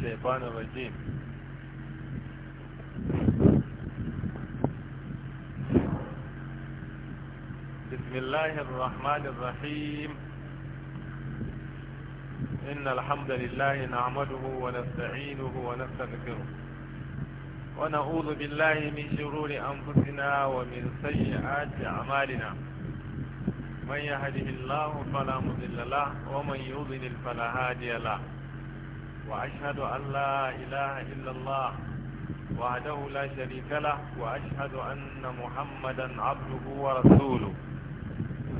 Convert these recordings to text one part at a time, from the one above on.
الشيطان الرجيم بسم الله الرحمن الرحيم إن الحمد لله نعمده ونستعينه ونستغفره ونعوذ بالله من شرور أنفسنا ومن سيئات أعمالنا من يهده الله فلا مضل له ومن يضلل فلا هادي له وأشهد أن لا إله إلا الله وحده لا شريك له وأشهد أن محمدا عبده ورسوله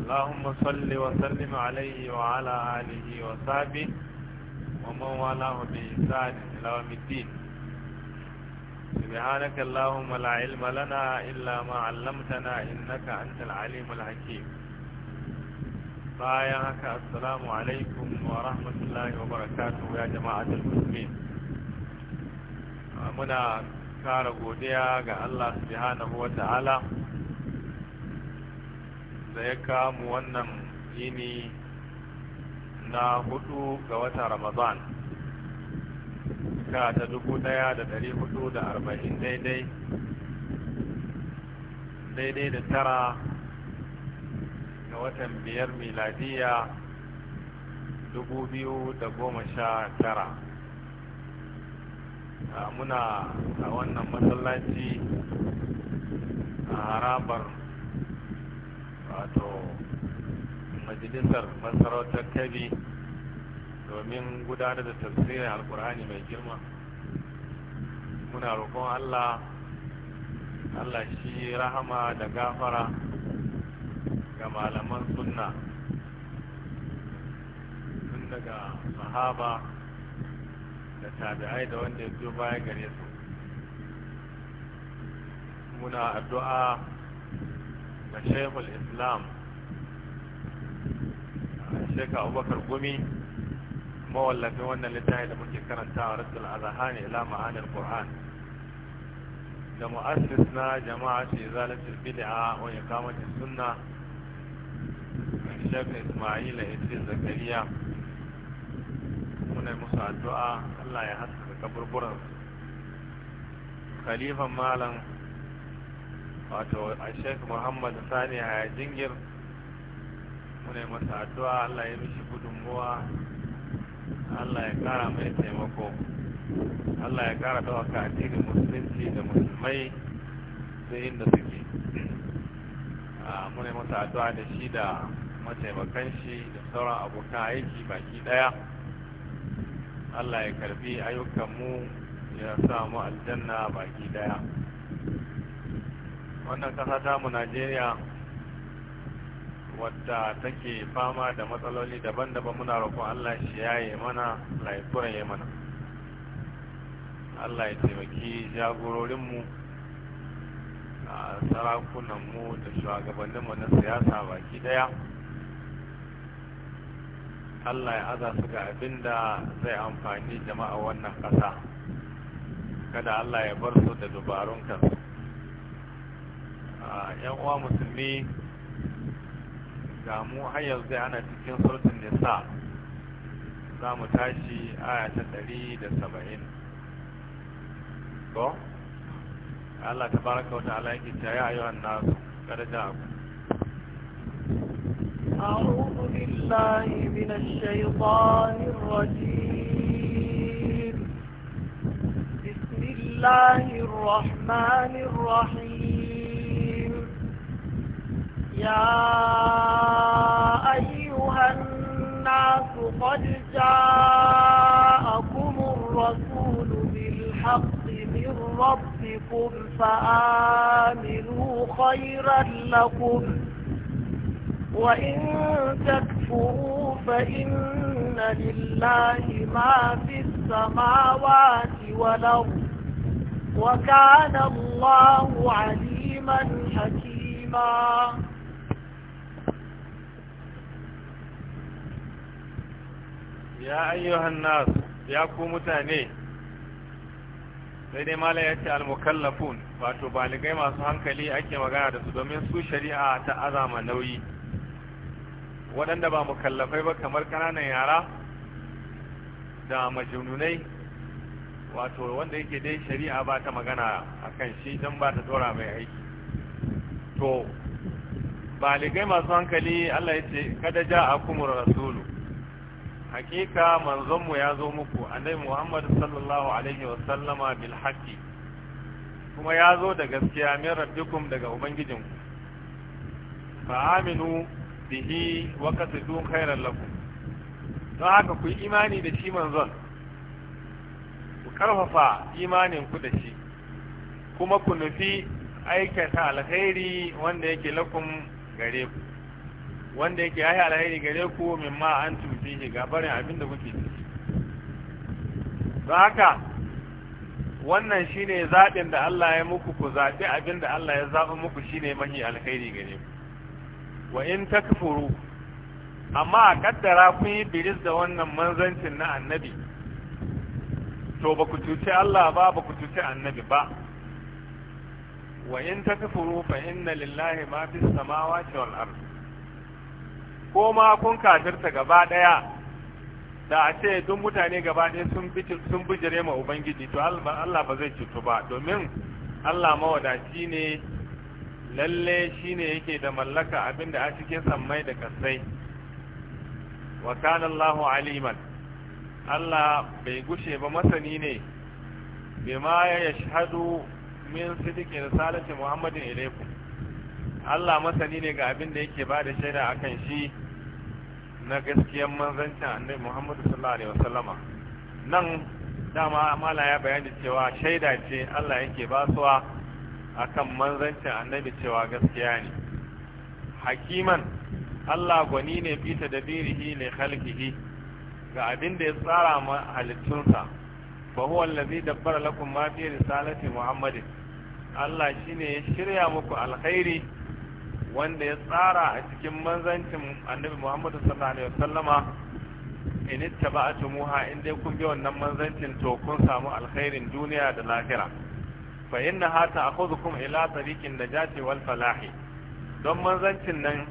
اللهم صل وسلم عليه وعلى آله وصحبه ومن والاه بإحسان إلى يوم الدين سبحانك اللهم لا علم لنا إلا ما علمتنا إنك أنت العليم الحكيم bayan haka assalamu alaikum wa rahmatullahi wa barakatu, ya jama'atul muslimin muna kara godiya ga Allah subhanahu wa ta'ala da ya kamu wannan yini na hudu ga wata ramadan ka ta dubu daya da dari hudu da arba'in daidai daidai da tara ga watan biyar miladiya dubu biyu da goma sha tara A muna a wannan masallaci a harabar wato majalisar masarautar kabi domin gudanar da tafsirin alkur'ani mai girma muna roƙon allah allah shi rahama da gafara ga malaman sunna sun daga sahaba da tabi'ai da wanda ya biyo baya gare su muna addu'a ga shaikhul islam shekha abubakar gumi mawallafin wannan littafi da muke karantawa rasul azahani ila ma'anin qur'an da mu'assis na jama'a ce zalatul bid'a wa iqamatis sunna shaka ismaila ce zakariya muna musu addu'a allah ya haskaka kaburburan khalifan malam wato a shek muhammad sani haya jingir muna musu addu'a allah ya mishi gudunmuwa allah ya kara mai taimako allah ya kara dawaka addinin musulunci da musulmai sai inda suke ah, muna masa addu'a da shi da mataimakan shi da sauran abokan aiki baki daya Allah ya karbi ayyukanmu ya sa mu aljanna baki daya wannan kasa tamu Najeriya wadda take fama da matsaloli daban-daban muna roƙon Allah shi yaye mana Allah ya mana Allah ya taimaki jagororinmu a sarakunan mu da shugabanninmu na siyasa baki daya Allah ya aza su ga abin da zai amfani jama'a wannan ƙasa kada Allah ya bar su da dubarun kansu ah, yan uwa musulmi ga mu har zai ana cikin sultan nisa za mu tashi aya ta ɗari da saba'in Allah ta baraka wata alaƙi ta yi ayyuan nasu kada abu. أعوذ بالله من الشيطان الرجيم بسم الله الرحمن الرحيم يا أيها الناس قد جاءكم الرسول بالحق من ربكم فآمنوا خيرا لكم وإن تكفروا فإن لله ما في السماوات والأرض وكان الله عليما حكيما يا أيها الناس يا كومتاني sai dai mala ya ce almukallafun wato baligai masu hankali ake magana da su domin su shari'a ta azama nauyi waɗanda ba mukallafai ba kamar ƙananan yara da majununai wato wanda yake dai shari'a ba ta magana a kan shi don ba ta tora mai aiki to baligai masu hankali Allah ya ce kada ja a kumur rasulu hakika manzonmu ya zo muku annabi Muhammad sallallahu alaihi wa sallama bil kuma ya zo da gaskiya min rabbikum daga ubangijinku fa aminu bihi wa qasidu khairan lakum don haka ku yi imani da shi manzon ku karfafa imanin ku da shi kuma ku nufi aikata alkhairi wanda yake lakum gare ku wanda yake yi alkhairi gare ku ma an tufihi ga barin abin da kuke ciki don haka wannan shine zaɓin da Allah ya muku ku zaɓi abin da Allah ya zaɓi muku shine mahi alkhairi gare ku wa in takfuru amma a kaddara kun yi biris da wannan manzancin na annabi to ba ku cuci Allah ba ba ku cuci annabi ba wa in takfuru fa inna lillahi ma fi samawati wal ard ko ma kun kafirta gaba daya da a ce duk mutane gaba ɗaya sun sun bijire ma ubangiji to Allah ba zai cutu ba domin Allah mawadaci ne lalle ne yake da mallaka abinda a cikin sammai da kasai wa kana Allahu aliman Allah bai gushe ba masani ne bima ya yashhadu min sidiki risalati Muhammadin ilaikum Allah masani ne ga abinda yake ba da shaida akan shi na gaskiyar manzancin annabi Muhammad sallallahu alaihi wasallama nan dama mala ya bayani cewa shaida ce Allah yake basuwa akan manzancin annabi cewa gaskiya ne hakiman Allah gwani ne da birihi ne halkihi ga abin da ya tsara ma halittunsa ba huwa allazi dabbara lakum ma fi risalati muhammadin Allah shine ya shirya muku alkhairi wanda ya tsara a cikin manzancin annabi muhammadu sallallahu alaihi wasallama in ittaba'tumuha in dai kun bi wannan manzancin to kun samu alkhairin duniya da lahira fa innaha ta'khudhukum ila tariqin najati wal falahi don manzancin nan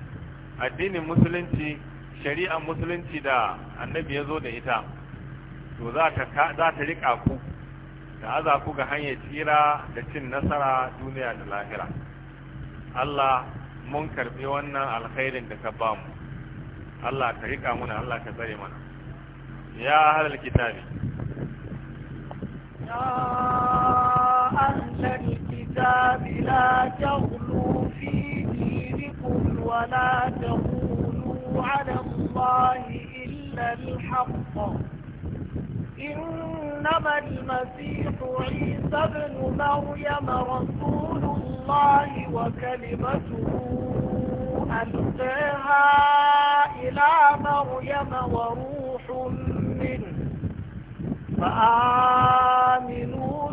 addinin musulunci shari'ar musulunci da annabi ya zo da ita to za ta za ta rika ku da aza ku ga hanyar tsira da cin nasara duniya da lahira Allah mun karbi wannan alkhairin da ka bamu Allah ka rika muna Allah ka tsare mana ya ahlul kitabi أهل الكتاب لا تغلوا في دينكم ولا تقولوا على الله إلا الحق إنما المسيح عيسى بن مريم رسول الله وكلمته ألقاها إلى مريم وروح منه فآمنوا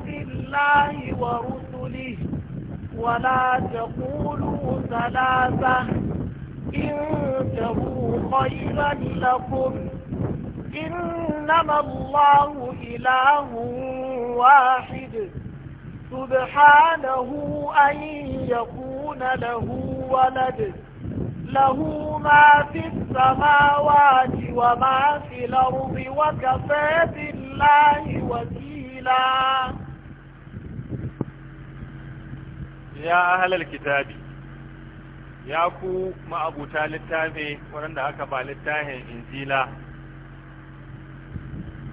الله ورسله ولا تقولوا ثلاثة انتهوا خيرا لكم إنما الله إله واحد سبحانه أن يكون له ولد له ما في السماوات وما في الأرض وكفى بالله وكيلا ya ahalal kitabi ya ku ma'abuta littafi waɗanda aka ba littafin injila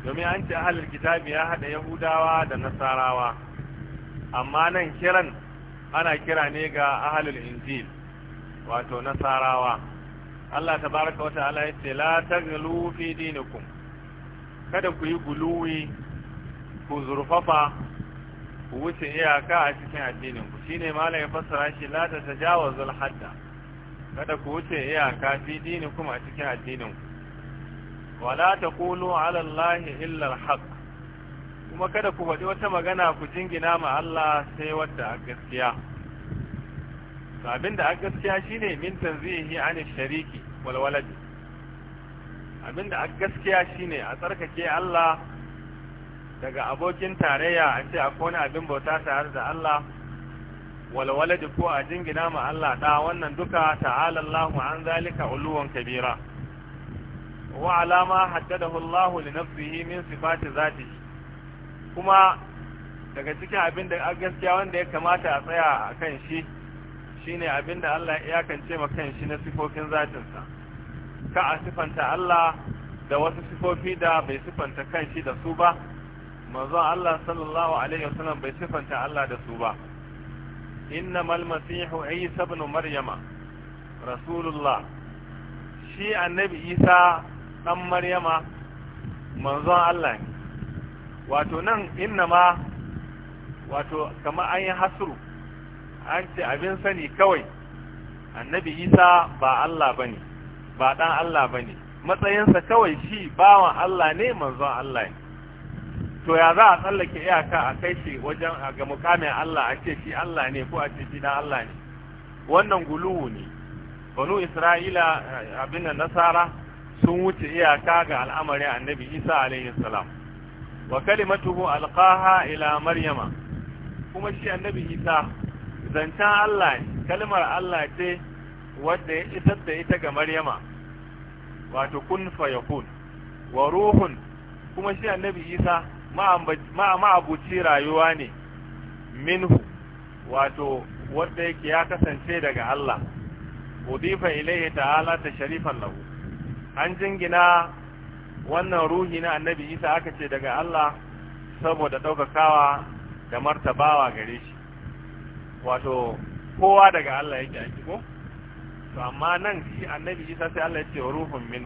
domin an ce ahalar kitabi ya haɗa yahudawa da nasarawa amma nan kiran ana kira ne ga ahalar injil wato nasarawa Allah ta baraka wata ala ya ce la taglu fi dinikum kada ku yi guluwi ku zurfafa ku wuce iyaka a cikin addinin ku shine malamin ya fassara shi la ta tajawazul hadda kada ku wuce iyaka fi dini kuma a cikin addinin ku wala taqulu ala allahi illa alhaq kuma kada ku faɗi wata magana ku jingina ma Allah sai wadda a gaskiya abinda a gaskiya shine min tanzihi an shariki wal walad abinda a gaskiya shine a tsarkake Allah daga abokin tarayya a ce akwai wani abin bauta tare da Allah da ko a jingina ma Allah da wannan duka ta'ala Allahu an zalika uluwan kabira wa alama haddadahu Allahu li nafsihi min sifati zati kuma daga cikin abin da gaskiya wanda ya kamata a tsaya a kan shi shine abin da Allah ya kance ma kan shi na sifofin zatinsa ka a sifanta Allah da wasu sifofi da bai sifanta kan shi da su ba manzon Allah sallallahu alaihi wasallam bai sifanta Allah da su ba innamal masihu isa ibn maryama rasulullah shi annabi isa dan maryama manzon Allah ne wato nan innama wato kamar an yi hasru an ce abin sani kawai annabi isa ba Allah bane ba dan Allah bane matsayinsa kawai shi bawan Allah ne manzon Allah ne to ya za a tsallake iyaka a kai shi wajen ga mukamin Allah a ce shi Allah ne ko a ce shi dan Allah ne wannan guluwu ne banu Isra'ila abin da nasara sun wuce iyaka ga al'amarin annabi Isa alaihi salam wa kalimatuhu alqaha ila maryama kuma shi annabi Isa zancen Allah ne kalmar Allah ce wadda ya isar da ita ga maryama wato kun yakun wa ruhun kuma shi annabi Isa ma'abuci rayuwa ne minhu wato wanda yake ya kasance daga Allah udifa ilaihi ta'ala ta sharifan lahu an jingina wannan ruhi na annabi isa aka ce daga Allah saboda daukakawa da martabawa gare shi wato kowa daga Allah yake aiki ko to amma nan shi annabi isa sai Allah ya ce ruhun min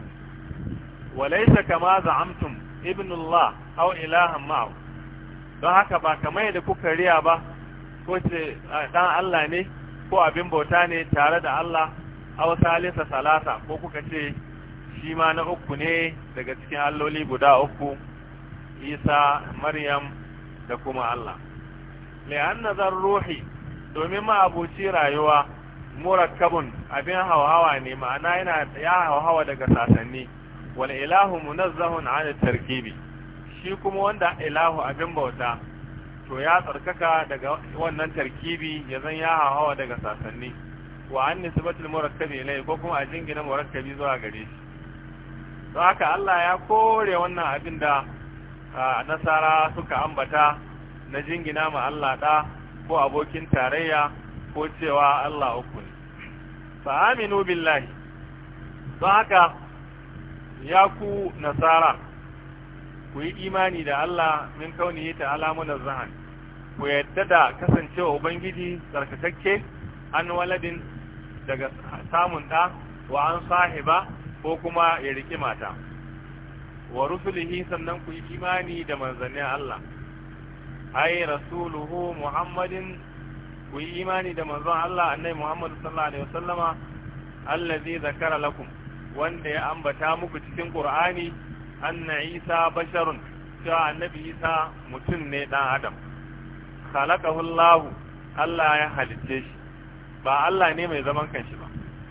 walaysa kama za'amtum ibnullah aw ilahan ma'au don haka ba kamar yadda kuka riya ba ko ce dan Allah ne ko abin bauta ne tare da Allah aw salisa salasa ko kuka ce shi ma na uku ne daga cikin alloli guda uku Isa Maryam da kuma Allah li'an nazar ruhi domin ma abuci rayuwa murakkabun abin hawa ne ma'ana yana ya hawa daga sasanni wal ilahu munazzahun an tarkibi shi kuma wanda ilahu abin bauta to ya tsarkaka daga wannan tarkibi ya zan ya hawa daga sasanni wa an nisbatul murakkabi ilayhi ko kuma a jingina murakkabi zuwa gare shi don haka Allah ya kore wannan abin da nasara suka ambata na jingina ma Allah da ko abokin tarayya ko cewa Allah uku ne fa aminu billahi don haka ya ku nasara ku yi imani da Allah min kauni ta alamunan zahan ku yadda da kasancewa ubangiji tsarkakakke an waladin daga samun ɗa wa an sahiba ko kuma ya riƙe mata wa rusulihi sannan ku yi imani da manzannin Allah ai rasuluhu muhammadin ku yi imani da manzon Allah annai muhammadu sallallahu alaihi wasallama allazi zakara lakum wanda ya ambata muku cikin ƙur'ani anna isa basharun cewa annabi isa mutum ne dan adam khalaqahu allah allah ya halicce shi ba allah ne mai zaman kanshi ba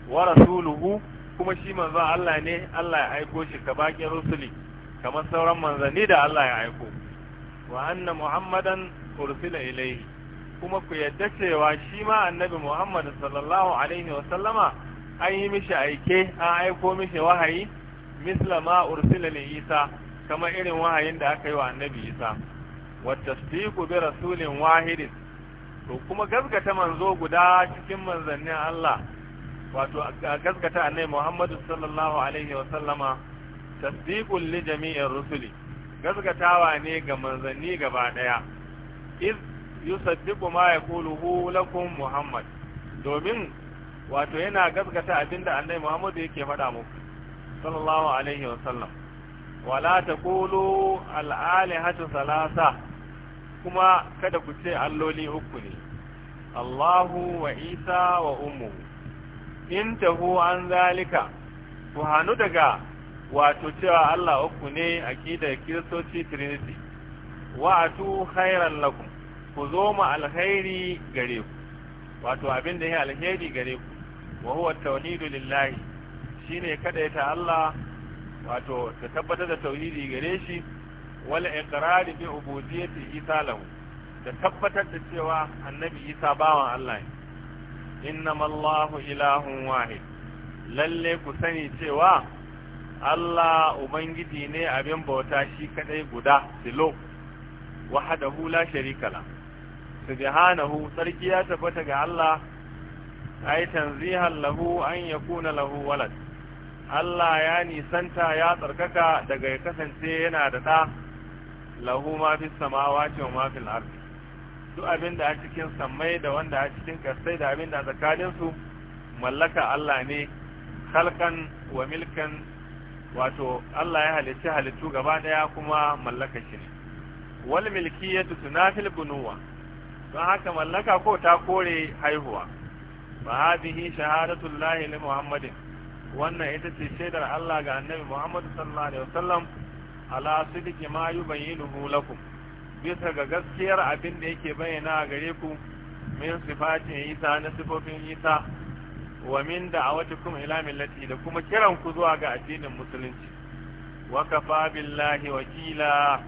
wa rasuluhu kuma shi manzon allah ne allah ya aiko shi ka baki rusuli kamar sauran manzanni da allah ya aiko wa anna muhammadan ursila ilayhi kuma ku yadda cewa shi ma annabi muhammad sallallahu alaihi wa sallama an yi mishi aike an aiko mishi wahayi misla ma ursila li isa kama irin wahayin da aka yi wa annabi isa wa tasdiqu bi rasulin wahidin to kuma gaskata manzo guda cikin manzannin Allah wato gaskata annabi Muhammadu sallallahu alaihi wa sallama tasdiqul li jami'ir rusuli gaskatawa ne ga manzanni gaba daya iz yusaddiqu ma yaquluhu lakum Muhammad domin wato yana gaskata abinda annabi Muhammad yake faɗa muku sallallahu alaihi wa sallam wala taqulu al-alihatu thalatha kuma kada ku ce alloli uku ne Allahu wa Isa wa ummu intahu an zalika ku hanu daga wato cewa Allah uku ne aqidar Kiristoci Trinity wa atu khairan lakum ku zo ma alkhairi gare ku wato abin da ya alheri gare ku wa huwa tawhidu lillahi shine kadaita Allah wato da tabbatar da tauhidi gare shi wal iqrar bi ubudiyyati isa lahu da tabbatar da cewa annabi isa bawan Allah ne innamallahu ilahun wahid Lallai ku sani cewa Allah ubangiji ne abin bauta shi kadai guda silo wahdahu la sharika la subhanahu sarki ya tabbata ga Allah ay tanzihan lahu an yakuna lahu walad Allah ya nisanta ya tsarkaka daga ya kasance yana da ɗa lahu ma fi samawati wa ma fil ardi duk abin da a cikin sammai da wanda a cikin kasai da abin da tsakanin su mallaka Allah ne halkan wa milkan wato Allah ya halicci halittu gaba daya kuma mallaka shi wal milkiyatu tunafil bunuwa don haka mallaka ko ta kore haihuwa fa hadhihi shahadatu li muhammadin wannan ita ce shaidar Allah ga annabi Muhammad sallallahu alaihi wasallam ala sidiki ma yubayyinuhu lakum bisa ga gaskiyar abin da yake bayyana gare ku min sifatin isa na sifofin isa wa min da'awatikum ila millati da kuma kiran ku zuwa ga addinin musulunci wa kafa billahi wakila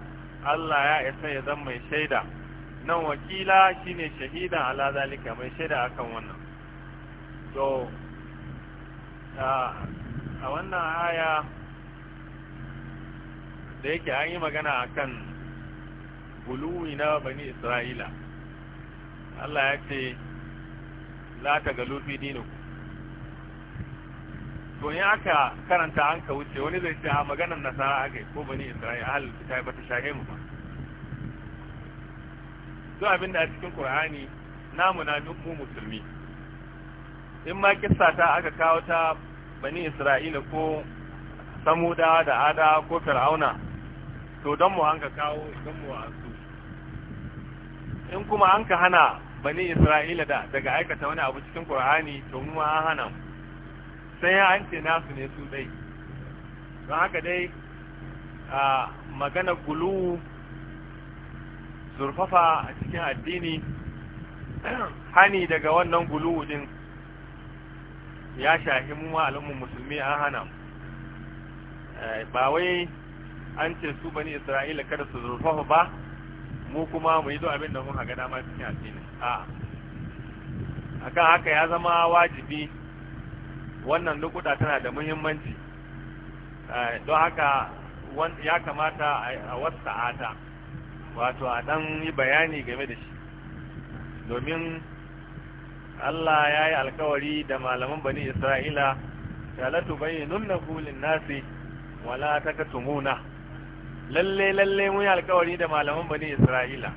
Allah ya isa ya zama mai shaida nan wakila shine shahida ala zalika mai shaida akan wannan to a wannan aya da yake an yi magana a kan guluwi na bani isra'ila Allah ya ce za ta ga lufi dinu to ya aka karanta an ka wuce wani zai ce a maganar nasara aka yi ko bani isra'ila ta yi bata shahe mu ba zuwa abinda a cikin ƙur'ani namu na mu musulmi in ma kissa ta aka kawo ta bani isra'ila ko samuda da ada ko fir'auna to don mu hanka kawo don mu su in kuma an ka hana bani isra'ila da daga aikata wani abu cikin qur'ani to mu ma an hana mu sai an ce nasu ne su dai don haka dai a magana gulu zurfafa a cikin addini hani daga wannan gulu din ya shahi mu al'umma musulmi an hana eh, ba wai an ce su bani isra'ila kada su zurfafa ba mu kuma mu yi zo abin da mun haga dama cikin addini a akan haka ya zama wajibi wannan lokuta tana da muhimmanci eh, don haka ya kamata a wasu wasa'ata wato a dan yi bayani game da shi domin Allah ya yi alkawari da malaman bani Isra'ila shalatu bayyinun na kulin nasi wala ta katumuna lalle lalle mun yi alkawari da malaman bani Isra'ila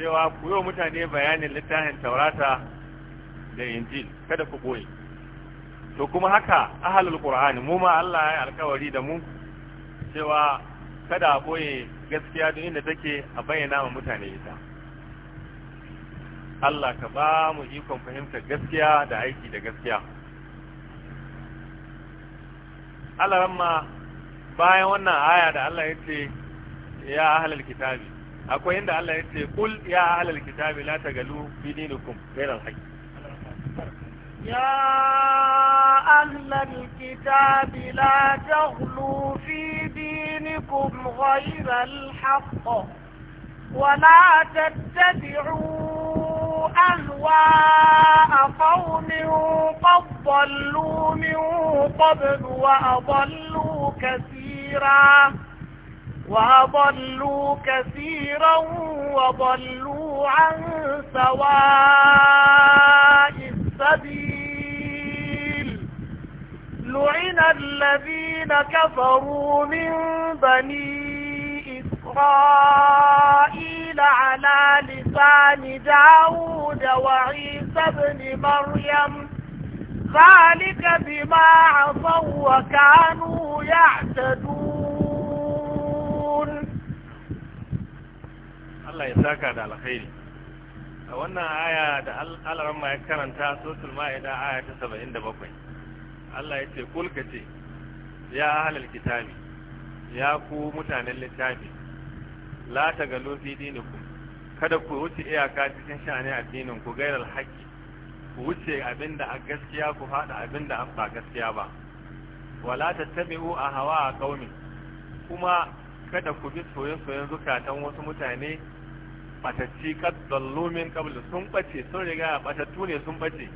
cewa ku yi mutane bayanin littafin taurata da injil kada ku ɓoye. to kuma haka ahalul ƙur'ani, mu ma Allah ya yi alkawari da mu cewa kada a boye gaskiya duk inda take a bayyana wa mutane ita Allah ka ba mu ikon fahimtar gaskiya da aiki da gaskiya Allah ramma bayan wannan aya da Allah ya ce ya ahlal kitabi akwai inda Allah ya ce kul ya ahlal kitabi la tagalu fi dinikum ghayra al يا أهل الكتاب لا تغلوا في دينكم غير الحق ولا تتبعوا أهواء قوم قد ضلوا من قبل وأضلوا كثيرا وأضلوا كثيرا وضلوا عن سواء السبيل لعن الذين كفروا من بني إسرائيل على لسان داود وعيسى بن مريم ذلك بما عصوا وكانوا يعتدون الله يساك على الخير wannan aya da alaran ma ya karanta sosul ma'ida aya ta 77 Allah ya ce kulka ce ya ahlal kitabi ya ku mutanen littafi la ta galo fi dinikum kada ku wuce iyaka cikin sha'ani addinin ku gairar haƙƙi ku wuce abin da a gaskiya ku faɗa abin da ba gaskiya ba wala tattabi'u a hawa a ƙauni kuma kada ku bi soye-soyen zukatan wasu mutane batacci kaddallu min qablu sun bace sun riga batattu ne sun bace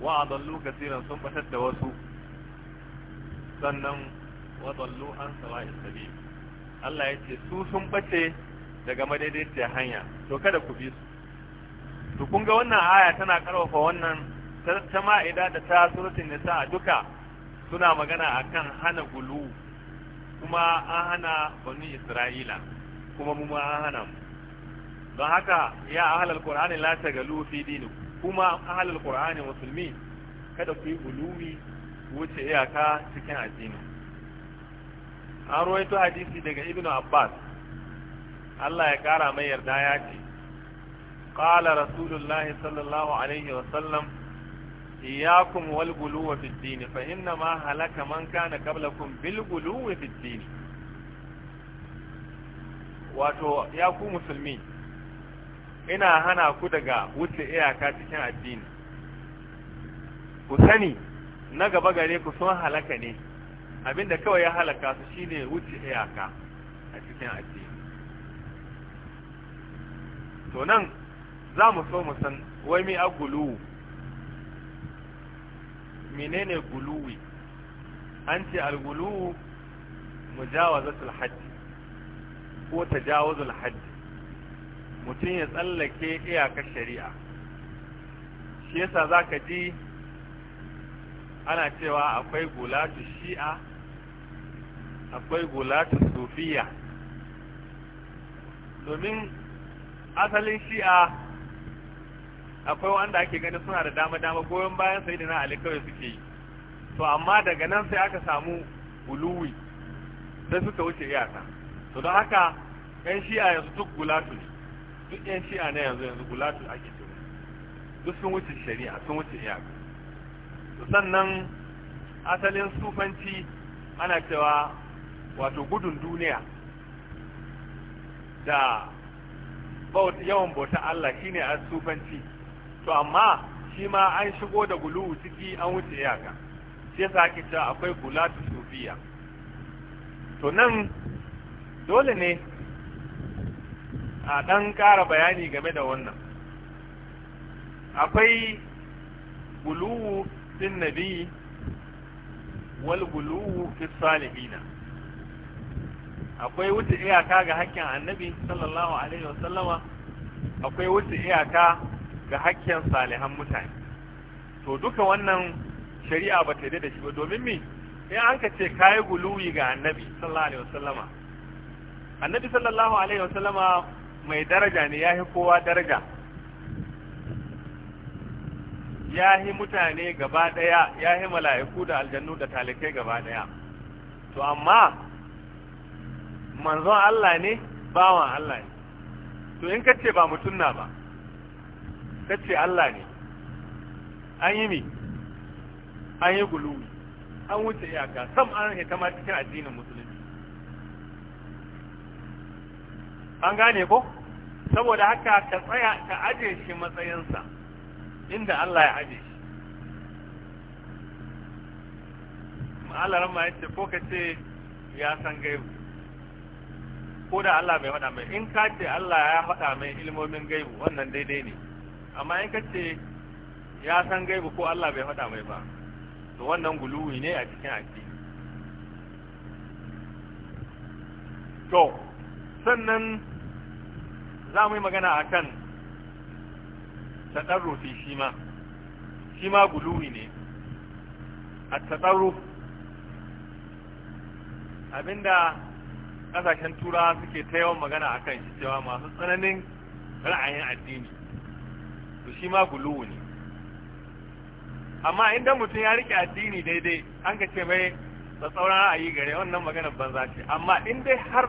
wa adallu kasiran sun batar da wasu sannan wa dallu an sawa'i sabil Allah yace su sun bace daga madaidaiciyar hanya to kada ku bi su to kun ga wannan aya tana karfafa wannan ta ma'ida da ta suratul nisa duka suna magana akan hana gulu kuma an hana bani isra'ila kuma mu ma an hana don haka ya ahlal qur'ani la galu fi dinikum kuma ahlal qur'ani musulmi kada ku yi gulumi wuce iyaka cikin addini an ruwaito hadisi daga ibnu abbas Allah ya ƙara mai yarda ya ce Ƙala rasulullahi sallallahu alaihi wa sallam iyyakum wal guluwa fid din fa inna ma halaka man kana qablakum bil guluwi wa din wato ya ku musulmi ina hana ku daga wuce iyaka cikin addini ku sani na gaba gare ku sun halaka ne abinda kawai ya halaka su shine wuce iyaka a cikin addini to nan za mu so mu san wai mi a guluwu menene guluwi an ce al-guluwu mujawazatul haddi ko tajawuzul haddi mutum ya tsallake iyakar shari'a shi yasa zaka ji ana cewa akwai gulatu shi'a akwai gulatu sufiya domin asalin shi'a akwai wanda ake ganin suna da dama-dama goyon bayan sai da na alikawai kawai suke yi to amma daga nan sai aka samu uluwi sai suka wuce iyaka to don haka yan shi'a yanzu duk gulatu ne duk yan shi'a na yanzu yanzu gulatu ake tuni duk sun wuce shari'a sun wuce iyaka to sannan asalin sufanci ana cewa wato gudun duniya da yawan bauta Allah shine asufanci to amma shi ma an shigo da guluwu ciki an wuce yaka shi yasa ake cewa akwai gulatu sufiya to nan dole ne a dan kara bayani game da wannan akwai gulu din nabi wal gulu fi salihina akwai wuce iyaka ga hakkin annabi sallallahu alaihi wasallama akwai wuce iyaka ga hakkin salihan mutane to duka wannan shari'a ba ta da shi ba domin me in an ka ce kayi guluwi ga annabi sallallahu alaihi wasallama annabi sallallahu alaihi wasallama mai daraja ne yahi kowa daraja yahi mutane gaba daya yahi mala'iku da aljannu da talikai gaba daya to amma manzon Allah ne bawan Allah ne to in kace ba mutum na ba kace Allah ne an yi mi an yi guluwi an wuce iyaka sam an hitama cikin addinin musulunci an gane ko saboda haka ka tsaya ka aje shi matsayinsa inda Allah ya aje shi ma'alaran ma ya ce ko ka ce ya san gaibu ko da Allah bai faɗa mai in ka ce Allah ya faɗa mai ilmomin gaibu wannan daidai ne amma in ka ce ya san gaibu ko Allah bai faɗa mai ba to wannan guluwi ne a cikin addini to sannan za mu yi magana a kan taɗarrufi shi ma shi ma guluwi ne a taɗarruf abinda kasashen turawa suke ta yawan magana a kan shi cewa masu tsananin ra'ayin addini to shi ma guluwu ne amma inda mutum ya rike addini daidai an ka ce mai tsatsauran ra'ayi gare wannan maganar banza ce amma in dai har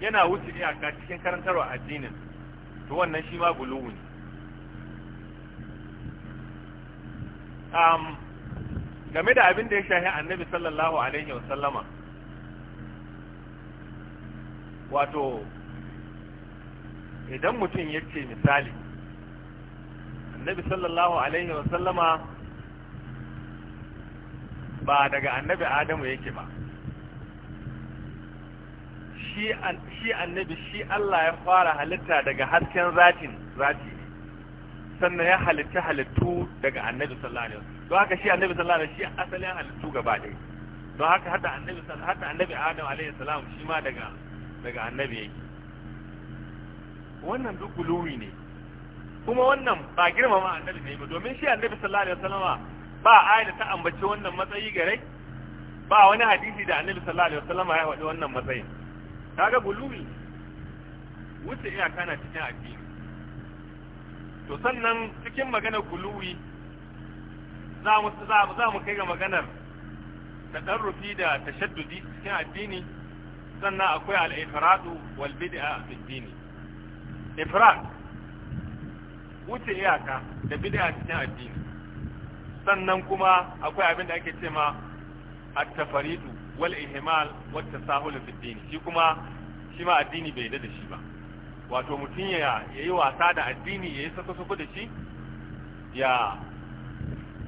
yana wuce iyaka cikin karantarwa addinin to wannan shi ma guluwu ne game da abin da ya shahi annabi sallallahu alaihi wasallama wato idan mutum ya ce misali annabi sallallahu alaihi wasallama ba daga annabi adamu yake ba shi annabi shi Allah ya fara halitta daga hasken zatin zati ne sannan ya halitta halittu daga annabi sallallahu alaihi wasallam don haka shi annabi sallallahu alaihi wasallam shi asalin halittu gaba ɗaya don haka hada annabi hada annabi wa alaihi salam shi ma daga daga annabi yake wannan duk guluwi ne kuma wannan ba girmama annabi ne ba domin shi annabi sallallahu alaihi wasallama ba aya da ta ambaci wannan matsayi gare ba wani hadisi da annabi sallallahu alaihi wasallama ya faɗi wannan matsayin kaga guluwi wuce iyaka na cikin addini to sannan cikin maganar guluwi za mu kai ga maganar da ɗan rufi da tashaddudi cikin addini sannan akwai al walbidi a bid'a fi wuce iyaka da bid'a cikin addini sannan kuma akwai abin da ake ce ma a tafaridu wal'ihimal, wata sahulun tasahul shi kuma shi ma addini bai da shi ba wato mutum ya yi wasa da addini ya yi sako da shi ya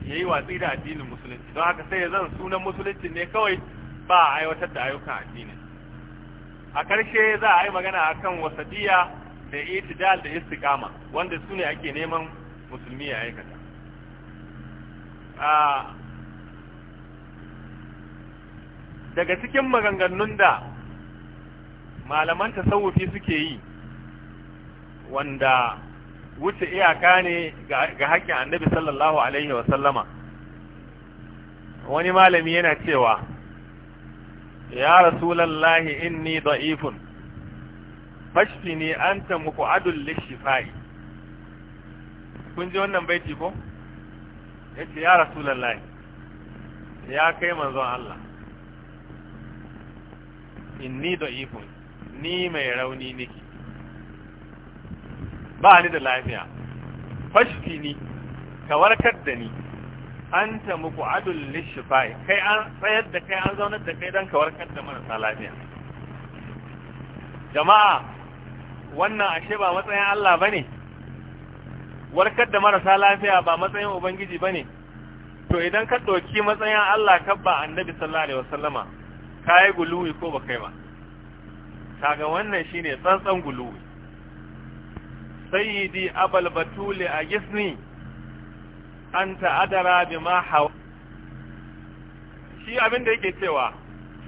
yi watsi da addinin musulunci don haka sai ya zan sunan musulunci ne kawai ba a aiwatar da ayyukan addinin a ƙarshe za a yi magana a kan wasadiya da itidal da istikama wanda su ne ake neman musulmi ya aikata daga cikin maganganun da malaman tasawufi suke yi wanda wuce iyaka ne ga haƙƙin annabi sallallahu alaihi wasallama wani malami yana cewa ya rasulallahi inni da'ifun fashfini anta muqadul lishifai kun ji wannan baiti ko Ya ce ya rasulallahi ya kai manzon Allah inni da'ifun ni mai rauni niki ba ni da lafiya fashfini ka warkar da ni anta ta muku lishifai kai an tsayar da kai an zaunar da kai don ka warkar da marasa lafiya jama'a wannan ashe ba matsayin Allah ba ne warkar da marasa lafiya ba matsayin ubangiji ba ne to idan ka ɗauki matsayin Allah ka ba annabi sallallahu alaihi wasallama ka yi guluwi ko ba kai ba kaga wannan shine tsantsan guluwi sayyidi abal batuli a gisni anta adara bima hawa shi abin da yake cewa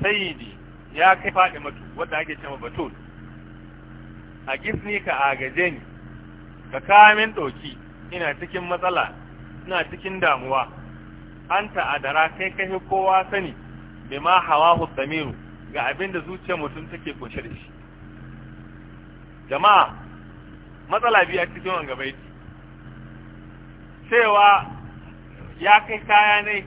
sayyidi ya kai faɗi matu wanda ake cewa batul a gisni ka agaje ni ka min ɗauki ina cikin matsala ina cikin damuwa an ta'adara kai kai kowa sani bi ma hawa hussamiru ga abin da zuciyar mutum take kunshe da shi jama'a matsala biya cikin wangabaiti cewa ya kai kaya ne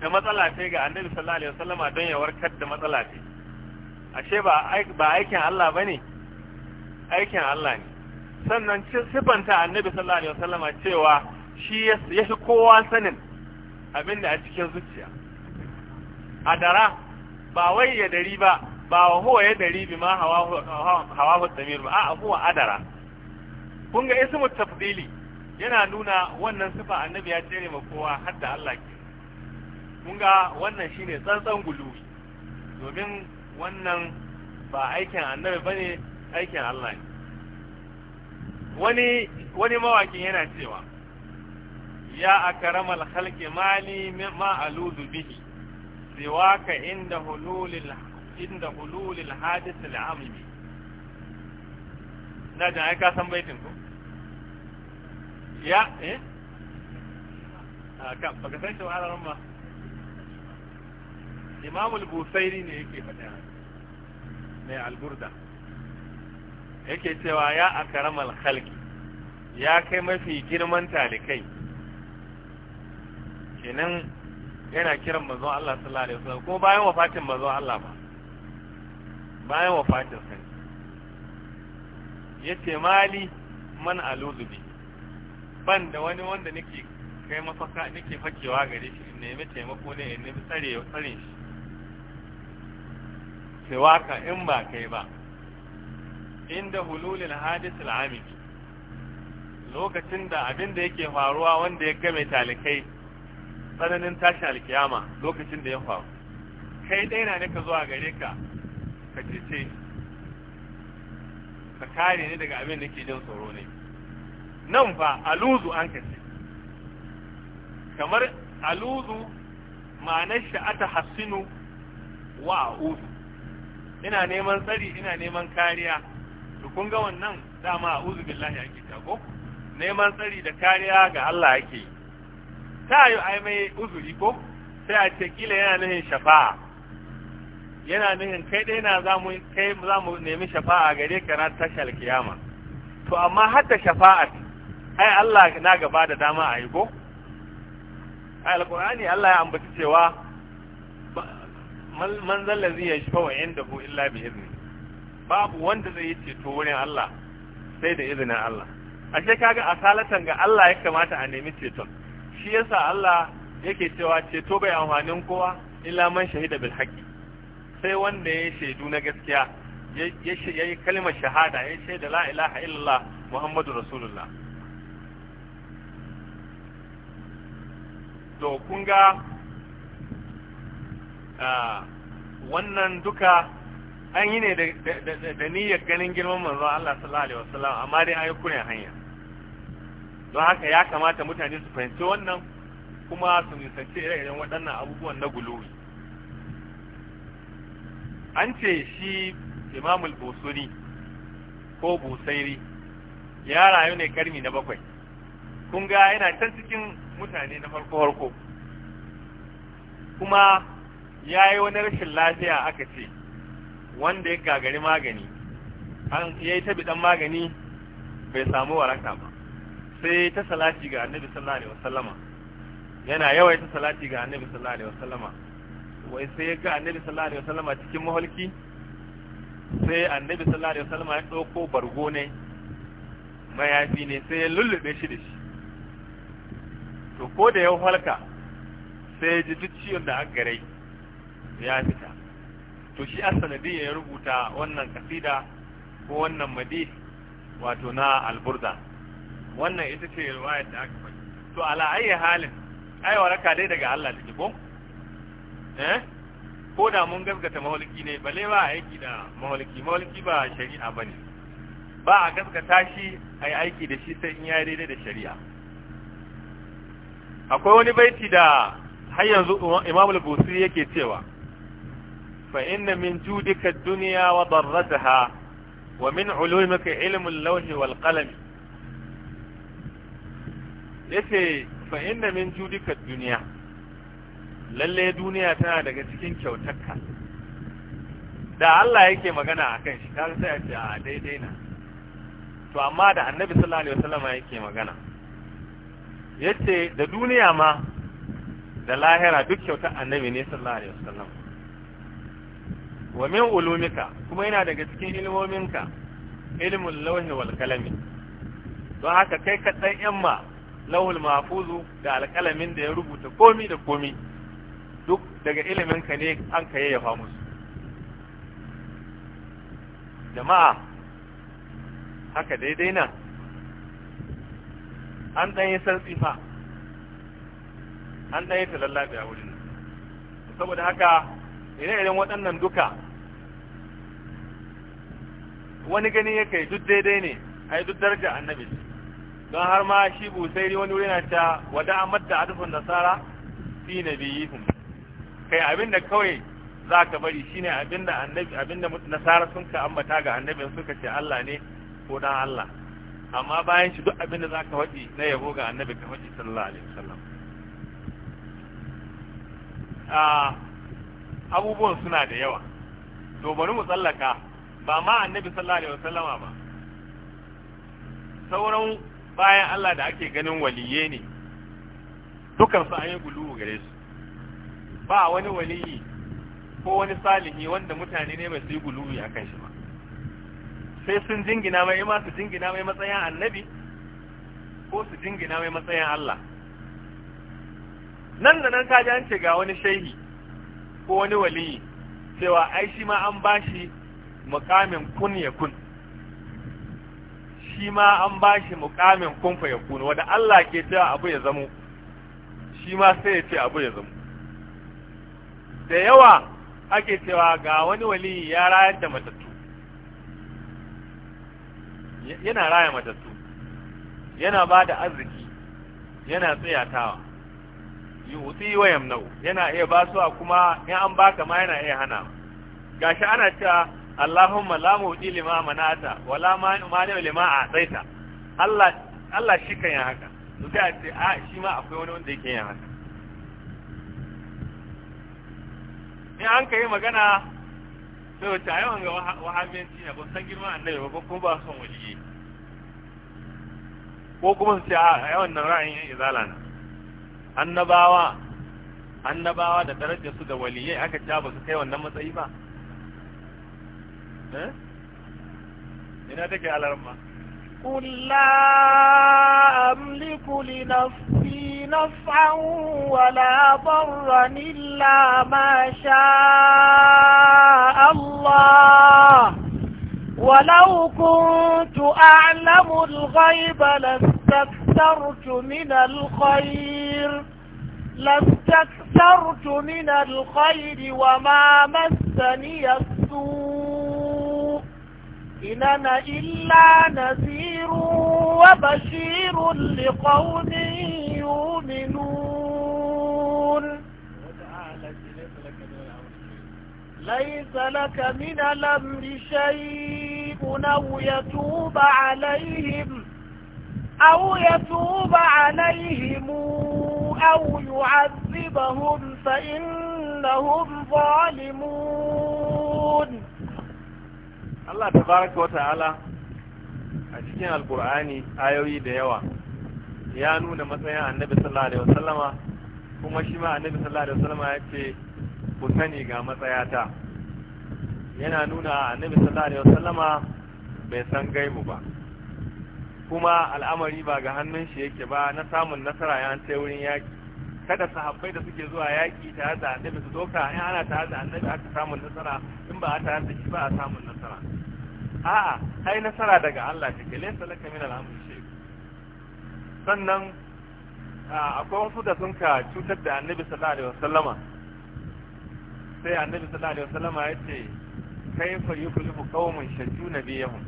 da matsala ce ga annabi sallallahu alaihi wasallama don ya warkar da matsala ce ashe ba ba aikin Allah bane aikin Allah ne sannan sifanta annabi sallallahu alaihi wasallama cewa shi ya fi kowa sanin abinda a cikin zuciya a dara ba wai ya dari ba ba wa huwa ya dari bi ma hawa hawa damir ba a huwa adara kun ga ismu tafdili yana nuna wannan sifa annabi ya tsere ma kowa har da Allah ke mun ga wannan shine tsantsan gulu domin wannan ba aikin annabi bane aikin Allah ne wani wani mawakin yana cewa ya akramal khalqi mali ma al'udu bihi siwaka inda hululil inda hululil hadith al na da san baitin ko ya eh ah, baka san shi wa'ala ramma busairi ne yake mai yake cewa ya ya kai mafi girman talikai kenan yana kiran manzon Allah sallallahu alaihi wasallam ko bayan wafatin manzon Allah ba bayan wafatin sa yace mali man aluzu ban da wani wanda nake kai mafaka nake fakewa gare shi in nemi taimako ne in nemi tsare tsarin shi cewa ka in ba kai ba inda hululin hadis al'amik lokacin da abin da yake faruwa wanda ya game talikai tsananin tashi alkiyama lokacin da ya faru kai ɗaya na nika zuwa gare ka ka ce ka kare ni daga abin da ke jin tsoro ne nan fa aluzu an kace kamar aluzu ma'anar shi ata wa a'udu ina neman tsari ina neman kariya to kun ga wannan dama uzu billahi ake ta ko neman tsari da kariya ga Allah ake ta yi ai mai uzuri ko sai a ce kila yana nuhin shafa'a yana nuhin kai dai na za mu kai za mu nemi shafa'a gare ka na tashar kiyama to amma hatta shafa'a ai Allah na gaba da dama a yi ko ai alqur'ani Allah ya ambaci cewa man shi ladhi yashfa'u indahu illa bi izni babu wanda zai yi ceto wurin Allah sai da izinin Allah ashe kaga asalatan ga Allah ya kamata a nemi ceton shi yasa Allah yake cewa ceto bai amfanin kowa illa man shahida bil haqqi sai wanda ya shaidu na gaskiya ya yi kalmar shahada ya shaida la ilaha illallah muhammadu rasulullah to kunga ga wannan duka an yi ne da niyyar ganin girman manzo Allah sallallahu alaihi wasallam amma dai an yi hanya don haka ya kamata mutane su fahimci wannan kuma su nisance ire-iren waɗannan abubuwan na guluwi an ce shi imamul busuri ko busairi ya rayu ne karni na bakwai kun ga yana can cikin mutane na farko farko kuma ya yi wani rashin lafiya aka ce wanda ya gagari magani an ya yi tabi dan magani bai samu waraka ba sai ta salati ga annabi sallallahu alaihi wasallama yana yawa ta salati ga annabi sallallahu alaihi wasallama wai sai ya ga annabi sallallahu alaihi wasallama cikin maholki sai annabi sallallahu alaihi wasallama ya dauko bargo ne mayafi ne sai ya lullube shi da shi to ko da ya halka sai ya ji duk ciyon da aka gare ya fita to shi asanadi ya rubuta wannan kasida ko wannan madi wato na alburza. wannan ita ce riwayar da aka faɗi to ala ayi halin ai waraka dai daga Allah take ko eh ko da mun gaskata maholiki ne bale ba aiki da maholiki maholiki ba shari'a bane ba a gaskata shi ai aiki da shi sai in ya daidai da shari'a akwai wani baiti da har yanzu imamul busiri yake cewa fa inna min judika dunya wa darrataha wa min ulumika ilmul lawhi wal qalam yace fa inna min judika dunya lalle duniya tana daga cikin kyautarka da Allah yake magana akan shi kaga sai a ce a daidai na to amma da annabi sallallahu alaihi wasallam yake magana yace da duniya ma da lahira duk kyauta annabi ne sallallahu alaihi wasallam wa min ulumika kuma yana daga cikin ilmominka ilmul lawhi wal kalami don haka kai ka dan yamma lawhul mahfuzu da alkalamin da ya rubuta komi da komi duk daga iliminka ne an ka yayyafa musu jama'a haka daidai nan an ɗan yi sarfi fa an ɗan yi talallabi a wurin saboda haka ire-iren waɗannan duka wani gani ya duk daidai ne a yi duk daraja annabi don har ma shi busairi wani wuri na ta wada amar da adufin nasara fi na kai abin kawai za ka bari shine abin da nasara sun ka ambata ga annabi, annabin suka ce Allah ne ko dan Allah amma bayan shi duk abin da za ka faɗi na yabo ga annabi ka faɗi sallallahu alaihi wasallam abubuwan suna da yawa to bari mu tsallaka ba ma annabi sallallahu alaihi wasallama ba sauran bayan Allah da ake ganin waliye ne dukan su an yi guluwu gare su ba wani waliyi ko wani salihi wanda mutane ne ba su yi a akan shi ba sai sun jingina mai ma su jingina mai matsayin annabi ko su jingina mai matsayin Allah nan da nan kaji an ce ga wani shehi ko wani waliyi cewa ai shi ma an bashi mukamin kun ya kun shi ma an bashi mukamin kun fa ya kun wanda Allah ke cewa abu ya zamo shi ma sai ya ce abu ya zamo da yawa ake cewa ga wani waliyi ya rayar da matattu yana raya matattu yana ba da arziki yana tsayatawa yuti wa yamnau yana iya basuwa kuma in an baka ma yana iya hana gashi ana cewa Allahumma la mu'ti lima manata wala mani lima a'taita Allah Allah shi kan yin haka to sai a ce a shi ma akwai wani wanda yake yin haka in an kai magana to ta yawan ga wahabiyanci ne ba san girman annabi ko kuma su ce a yawan nan ra'ayin yan izala na annabawa da darajar su da waliyai aka ci ba su kai wannan matsayi ba eh? ina take alarma قل لا نفعا ولا ضرا إلا ما شاء الله ولو كنت أعلم الغيب لاستكثرت من الخير لاستكثرت من الخير وما مسني السوء إن أنا إلا نذير وبشير لقومي يؤمنون ليس لك من الأمر شيء أو يتوب عليهم أو يتوب عليهم أو يعذبهم فإنهم ظالمون الله تبارك وتعالى a cikin alkur'ani ayoyi da yawa ya nuna matsayin annabi sallallahu alaihi wasallama kuma shi ma annabi sallallahu alaihi wasallama ya ce ku sani ga matsayata yana nuna annabi sallallahu alaihi wasallama bai san gaibu ba kuma al'amari ba ga hannun shi yake ba na samun nasara ya ta wurin yaki kada sahabbai da suke zuwa yaki tare da annabi su doka in ana tare da annabi aka samun nasara in ba a ta da shi ba a samun nasara a'a kai nasara daga Allah take laysa laka min al'amri sannan akwai wasu da sun ka cutar da annabi sallallahu alaihi wasallama sai annabi sallallahu alaihi wasallama ya ce kai fa yukulu qaumun shaju nabiyahum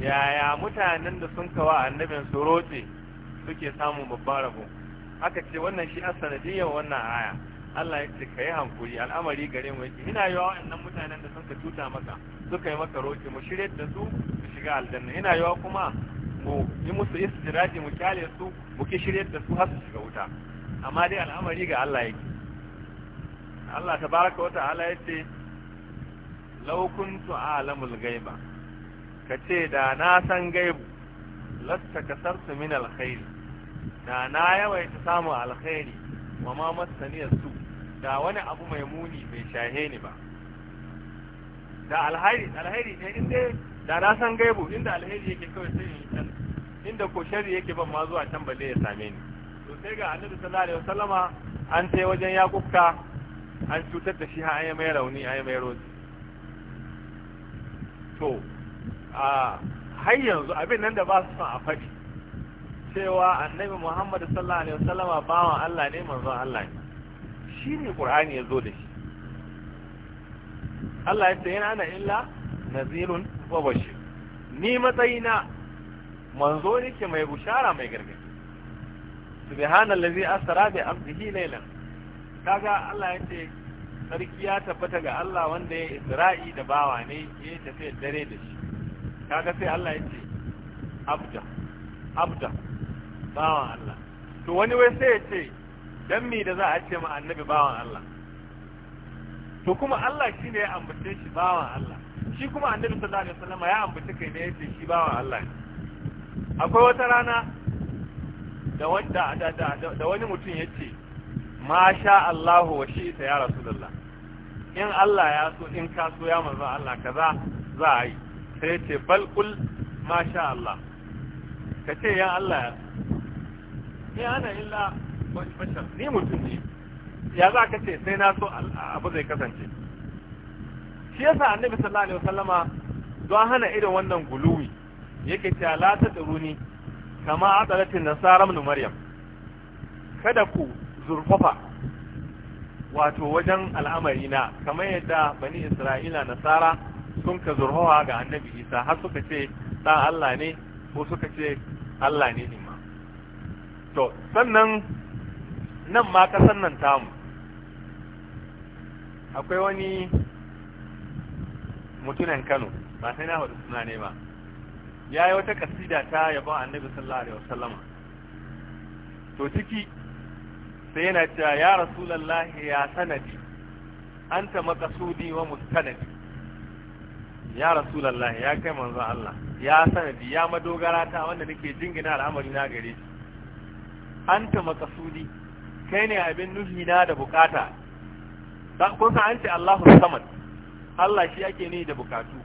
yaya mutanen da sun kawa annabin su roce suke samun babbar rabo aka ce wannan shi asanadiyar wannan aya Allah ya ce kai hankuri al'amari gare mu yake ina yawa wa'annan mutanen da sun ka tuta maka suka yi maka roce mu shirye da su su shiga aljanna ina yawa kuma mu yi musu istiraji mu kyale su mu kishirye da su har su shiga wuta amma dai al'amari ga Allah yake Allah ta tabaraka wa ta'ala ce law kuntu a'lamul ka ce da na san gaibu lasta kasartu min alkhairi da na yawaita samu alkhairi wa ma masaniya su da wani abu mai muni bai shahe ni ba da alhairi alhairi ne in dai da na san gaibu inda alheri yake kawai sai in yi can inda ko shari yake ban ma zuwa can balle ya same ni to sai ga annabi sallallahu alaihi wasallama an sai wajen yakufka an cutar da shi ha an yi mai rauni an yi mai rozi to a har yanzu abin nan da ba su son a faɗi cewa annabi muhammad sallallahu alaihi wasallama bawan allah ne manzon allah ne shi ne qur'ani ya zo da shi Allah ya ce yana ana illa nazirun wa bashir ni matsayina manzo nake mai bushara mai gargadi subhanallazi asra bi abdihi laylan kaga Allah ce sarki ya tabbata ga Allah wanda ya isra'i da bawa ne ya tafi dare da shi kaga sai Allah ce abda abda bawan Allah to wani wai sai yace dan me da za a ce ma annabi bawan Allah to kuma Allah shine ya ambace shi bawan Allah shi kuma annabi sallallahu alaihi wasallam ya ambaci kai ne yace shi bawa Allah ne akwai wata rana da wanda da wani mutum yace ma sha Allah wa shi ta ya rasulullah in Allah ya so in ka so ya manzo Allah kaza za a yi sai ce bal kul ma sha Allah ka ce ya Allah ya ana illa bashar ni mutum ne ya za ka ce sai na so abu zai kasance shi yasa annabi sallallahu alaihi wasallama don hana irin wannan guluwi yake cewa la ta duruni kama adalatin nasara min maryam kada ku zurfafa wato wajen al'amari na kamar yadda bani isra'ila nasara sun ka zurfafa ga annabi isa har suka ce dan Allah ne ko suka ce Allah ne ma to sannan nan ma kasan nan tamu akwai wani mutunan Kano ba sai na faɗi suna ne ba yi wata kasida ta yabon Annabi sallallahu alaihi wasallama to ciki sai yana cewa ya rasulullahi ya sanadi anta maqsudi wa mustanadi ya rasulullahi ya kai manzo Allah ya sanadi ya madogara ta wanda nake jingina al'amari na gare shi anta maqsudi kai ne abin nuhi na da bukata kun san an Allahu samad Allah shi ake ni da bukatu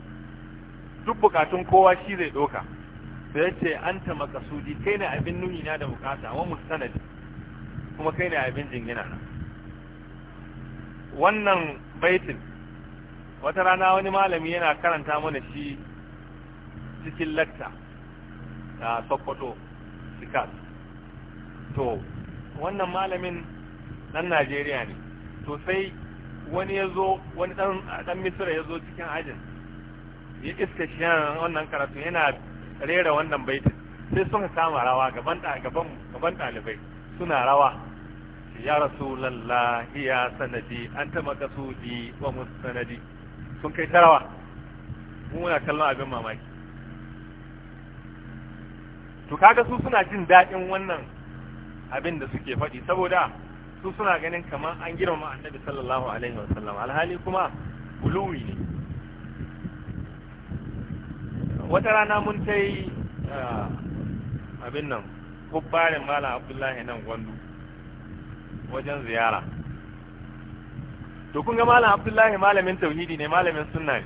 duk bukatun kowa shi zai doka sai ya ce an ta makasudi kai ne abin nuni na da bukata wa mustanadi kuma kai ne abin jingina na wannan baitin wata rana wani malami yana karanta mana shi cikin lakta a sokoto sikas to wannan malamin nan najeriya ne to sai wani ya zo wani dan misira ya zo cikin ajin ya iska shi yana wannan karatu yana rera wannan baitin sai suka kama rawa gaban ɗalibai suna rawa ya rasu lallahi ya sanadi an taɓa ji wa sanadi sun kai ta rawa muna kallon abin mamaki to kaga su suna jin daɗin wannan abin da suke faɗi saboda su suna ganin kamar an girmama annabi sallallahu alaihi wasallam alhali kuma uluwi ne wata rana mun ta yi ah, abin nan kubbarin malam abdullahi nan gwandu wajen ziyara to kun ga malam abdullahi malamin tauhidi ne malamin sunna ne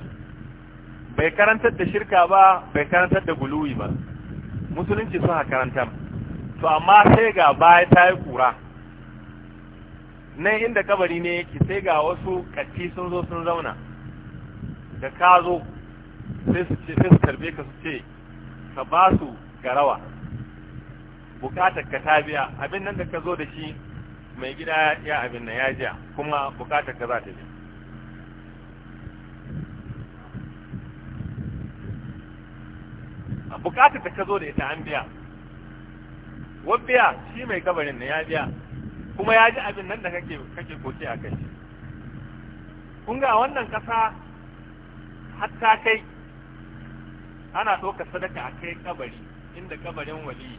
bai karantar da shirka ba bai karantar da guluwi ba musulunci suna karantar to amma sai ga baya ta yi kura nan inda kabari ne yake sai ga wasu katti sun zo sun zauna da ka zo sai su ce sai su karbe ka su ce ka ba su garawa bukatar ka ta biya abin nan da ka zo da shi mai gida ya abin na ya jiya kuma bukatar ka za ta biya bukatar da ka zo da ita an biya wabbiya shi mai kabarin na ya biya kuma ya ji abin nan da kake kake koke a kai kun ga wannan kasa hatta kai ana ɗauka sadaka a kai kabari inda kabarin wali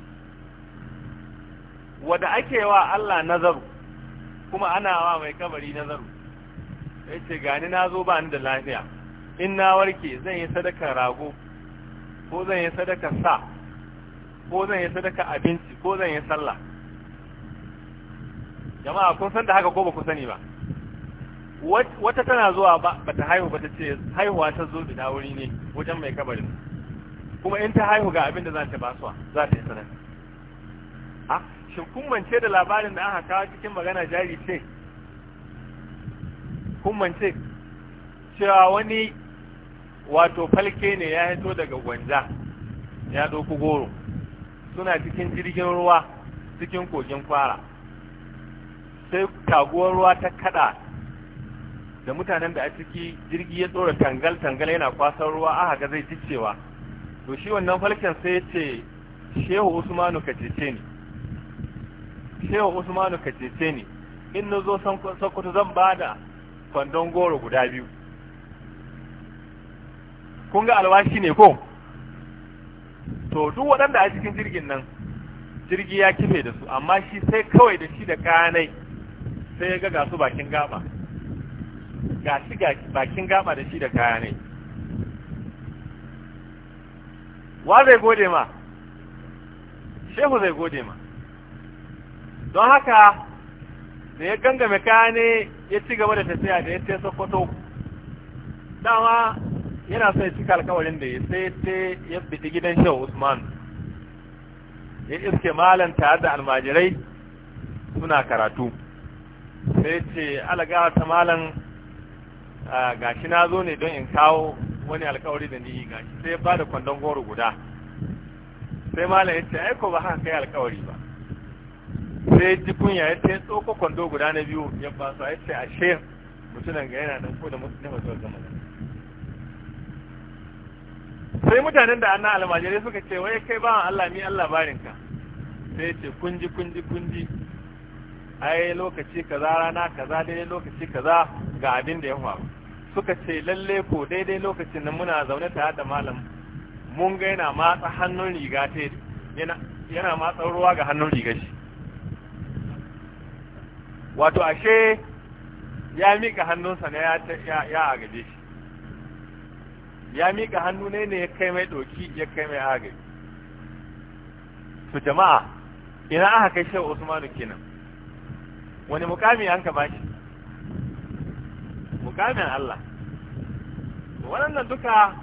wada ake wa Allah nazaru kuma ana wa mai kabari nazaru ya ce gani na zo ba ni da lafiya in na warke zan yi sadaka rago ko zan yi sadaka sa ko zan yi sadaka abinci ko zan yi sallah jama'a kun san da haka ko ba ku sani ba wata tana zuwa ba ta haihu ba ta ce haihuwa ta zo da wuri ne wajen mai kabarin kuma in ta haihu ga abin da za ta basuwa za ta yi sanar a shin kummance da labarin da aka kawo cikin magana jari ce kummance cewa wani wato falke ne ya hito daga gwanja ya ɗauki goro suna cikin jirgin ruwa cikin kogin fara sai taguwar ruwa ta kada da mutanen da a ciki jirgi ya tsora tangal tangal yana kwasan ruwa a haka zai cewa to shi wannan falken sai ya ce shehu usmanu ka cece ni shehu usmanu ka cece ni in na zo sokoto zan ba da kwandon goro guda biyu kun ga alwashi ne ko to duk waɗanda a cikin jirgin nan jirgi ya kife da su amma shi sai kawai da shi da kanai sai ya ga ga su bakin gaba ga shi bakin gaba da shi da kaya ne wa zai gode ma shehu zai gode ma don haka da ya gangame kaya ne ya ci gaba da tafiya da ya ce sokoto dama yana sai cika alkawarin da ya sai ta ya fiti gidan shehu usman ya iske malam tare da almajirai suna karatu sai ce alaga ta malam gashi na zo ne don in kawo wani alkawari da ni gashi sai ba da kwandon goro guda sai malam ya ce aiko ba haka kai alkawari ba sai ji kunya ya ce tsoko kwando guda na biyu ya ba su ya ce ashe mutunan ga yana dan ko da mutum ne zuwa zamanin sai mutanen da annan almajirai suka ce wai kai ba Allah mi Allah barinka sai ce kunji kunji kunji ai lokaci kaza rana kaza daidai lokaci kaza ga abin da ya faru suka ce lalle ko daidai lokacin nan muna zaune tare da malam mun ga yana matsa hannun riga ta yana yana matsa ruwa ga hannun riga shi wato ashe ya mika hannunsa ne ya ya agaje shi ya mika hannu ne ne ya kai mai doki ya kai mai agaji to jama'a ina aka kai shehu usmanu kenan wani mukami an ka bashi mukamin Allah waɗannan duka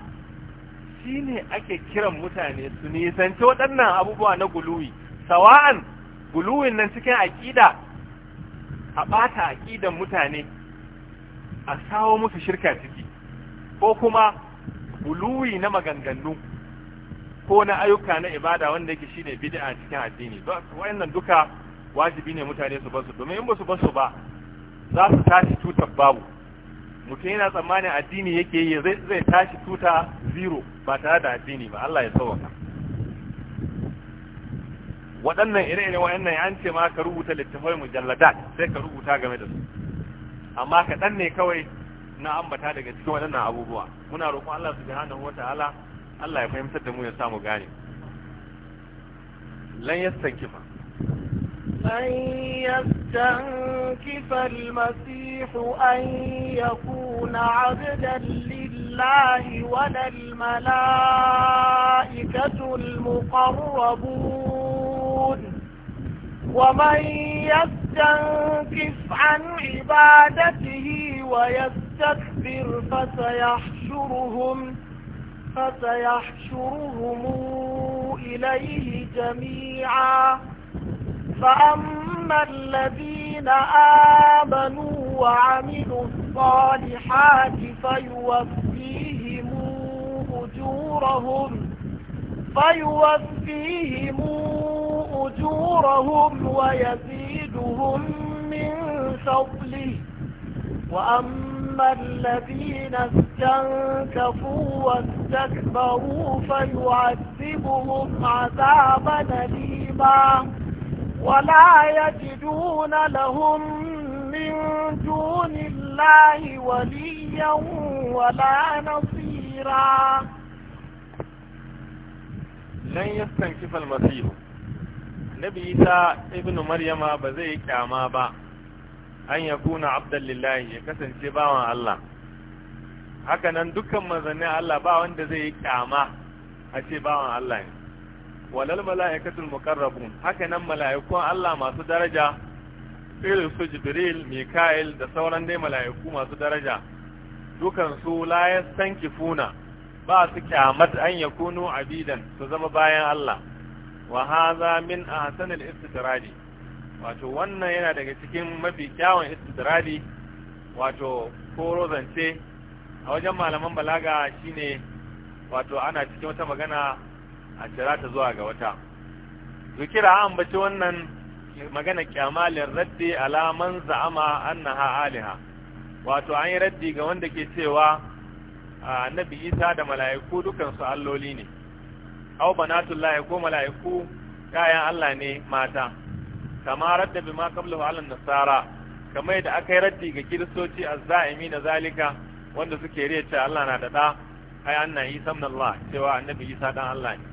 shi ne ake kiran mutane su nisanci waɗannan abubuwa na guluwi sawa'an guluwin nan cikin aƙida a ɓata aƙidan mutane a sawo musu shirka ciki ko kuma guluwi na maganganu ko na ayyuka na ibada wanda yake shi ne bid'a cikin addini waɗannan duka wajibi ne mutane su basu domin in basu basu ba za su tashi tuta babu mutum yana tsammanin addini yake yi zai tashi tuta zero ba tare da addini ba Allah ya sauwaka waɗannan ire-ire waɗannan an ce ma ka rubuta littafai mujalladat sai ka rubuta game da su amma kaɗan ne kawai na ambata daga cikin waɗannan abubuwa muna roƙon Allah subhanahu wata'ala Allah ya fahimtar da mu ya samu gane lan yastankifa أن يستنكف المسيح أن يكون عبدا لله ولا الملائكة المقربون ومن يستنكف عن عبادته ويستكبر فسيحشرهم فسيحشرهم إليه جميعا فأما الذين آمنوا وعملوا الصالحات فيوفيهم أجورهم فيوفيهم أجورهم ويزيدهم من فضله وأما الذين استنكفوا واستكبروا فيعذبهم عذابا أليما ولا يجدون لهم من دون الله وليا ولا نصيرا لن يستنكف المسيح نبي عيسى ابن مريم بزي كاما با an ya kuna abdan ya kasance bawan Allah hakanan dukkan mazanin Allah ba wanda zai yi kyama a ce bawan Allah ne walal mala'ikatul muqarrabun haka nan mala'ikun Allah masu daraja irin su Jibril, Mikail da sauran dai mala'iku masu daraja dukan su la yastankifuna ba su kyamat an yakunu abidan su zama bayan Allah wa hadha min al istidradi wato wannan yana daga cikin mafi kyawun istidradi wato ko zance a wajen malaman balaga shine wato ana cikin wata magana a ta zuwa ga wata zukira an bace wannan magana kyamalin raddi alaman za'ama annaha aliha wato an yi raddi ga wanda ke cewa annabi isa da mala'iku dukansu alloli ne au banatullahi ko mala'iku kayan Allah ne mata kama radda bi ma qablahu ala nasara kamar yadda aka yi raddi ga kiristoci azzaimi na zalika wanda suke riya Allah na da da ai na yi min Allah cewa annabi isa dan Allah ne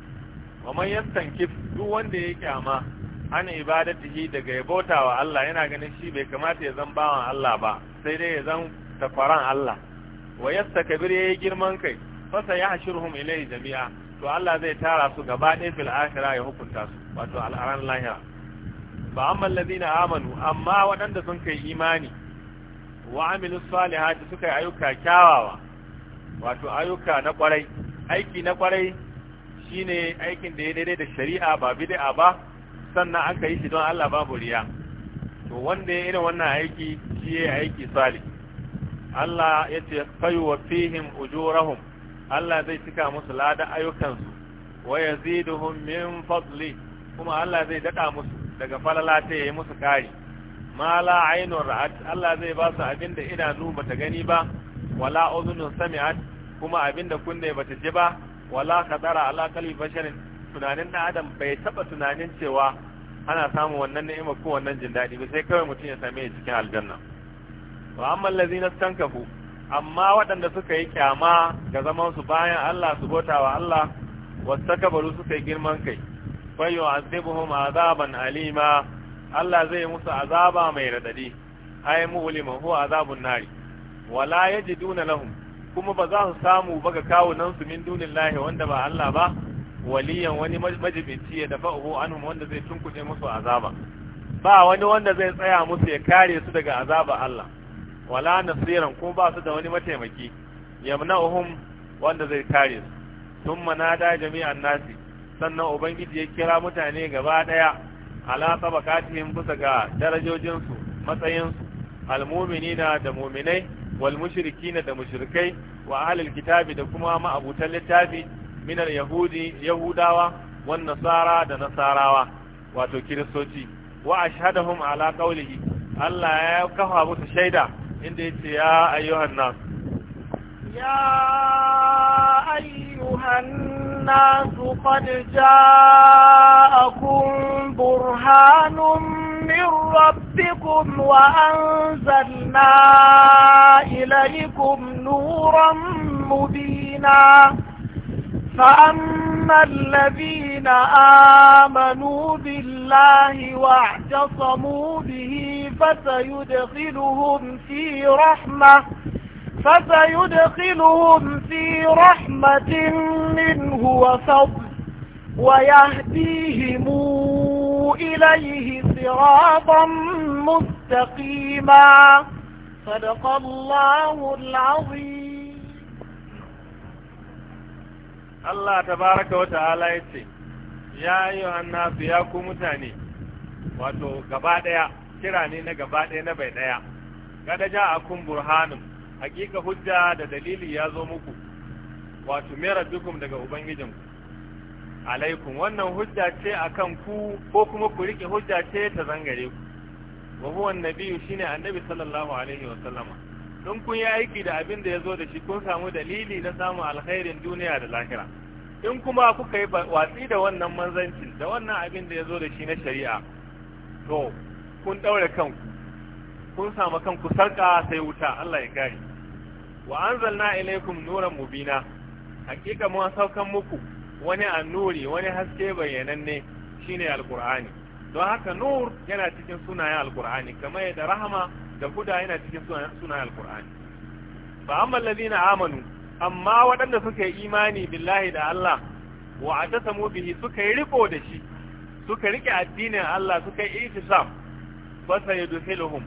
wa man kif duk wanda ya kyama ana ibadatihi daga ya bauta wa Allah yana ganin shi bai kamata ya zan bawan Allah ba sai dai ya zan tafaran Allah wa yastakbir yayi girman kai fa hashirhum ilai jami'a to Allah zai tara su gaba ɗaya fil akhirah ya hukunta su wato al'aran lahira ba amma alladhina amanu amma waɗanda sun kai imani wa amilu salihati suka yi ayyuka kyawawa wato ayyuka na kwarai aiki na kwarai shine aikin da ya daidai da shari'a ba bid'a ba sannan aka yi shi don Allah babu riya to wanda ya irin wannan aiki shi ya aiki sali Allah ya ce wa fihim ujurahum Allah zai cika musu lada ayyukansu wa yaziduhum min fadli kuma Allah zai daka musu daga falala ta yi musu kari ma la ra'at Allah zai ba su abinda idanu bata gani ba wala udhunun sami'at kuma abinda kunne bata ji ba wala kadara tsara alakali basharin tunanin na adam bai taba tunanin cewa ana samun wannan ni'ima ko wannan jin daɗi ba sai kawai mutum ya same ya cikin aljanna wa amma allazina stankafu amma waɗanda suka yi kyama ga zaman su bayan Allah su bota wa Allah wastakabaru suka yi girman kai fayu azabuhum azaban alima Allah zai musu azaba mai radadi ay mu'limu huwa azabun nari wala yajiduna lahum kuma ba za su samu ba ga kawunan su min dunin lahi wanda ba Allah ba waliyan wani majibinci ya dafa uku anhum wanda zai tunkuɗe musu azaba ba wani wanda zai tsaya musu ya kare su daga azaba Allah wala nasiran kuma ba su da wani mataimaki yamna'uhum wanda zai kare su thumma nada jami'an nasi sannan ubangiji ya kira mutane gaba daya ala tabakatihim bisa ga darajojinsu matsayinsu almu'minina da mu'minai wal mushrikina da mushrikai wa ahlul kitabi da kuma ma'abutan littafi min al yahudi yahudawa wan nasara da nasarawa wato kiristoci wa ashhadahum ala qawlihi Allah ya kafa musu shaida inda yace ya ayyuhan nas ya ayyuhan الناس قد جاءكم burhanun. من ربكم وأنزلنا إليكم نورا مبينا فأما الذين آمنوا بالله واعتصموا به فسيدخلهم في رحمة فسيدخلهم في رحمة منه وفضل ويهديهم إليه صراطا مستقيما صدق الله العظيم الله تبارك وتعالى يتي يا أيها الناس يا كمتاني wato gaba ɗaya kira ne na gaba ɗaya na bai ɗaya kada ja a kun burhanun hakika hujja da dalili ya zo muku wato mera dukum daga ubangijinku alaikum wannan hujja ce akan ku ko kuma ku rike hujja ce ta zangare ku wa huwa annabiyyu shine annabi sallallahu alaihi wa sallama don kun yi aiki da abin da yazo da shi kun samu dalili na samun alkhairin duniya da lahira in kuma kuka yi watsi da wannan manzancin da wannan abin da yazo da shi na shari'a to kun daure kanku kun samu kanku sarka sai wuta Allah ya kare wa anzalna ilaykum nuran mubina hakika mu saukan muku wani annuri wani haske bayyananne shine alqur'ani don haka nur yana cikin sunayen alqur'ani kamar yadda rahama da huda yana cikin sunayen alqur'ani fa amma alladhina amanu amma waɗanda suka yi imani billahi da Allah wa atasamu bihi suka yi riko da shi suka rike addinin Allah suka yi itisam fa sayudkhiluhum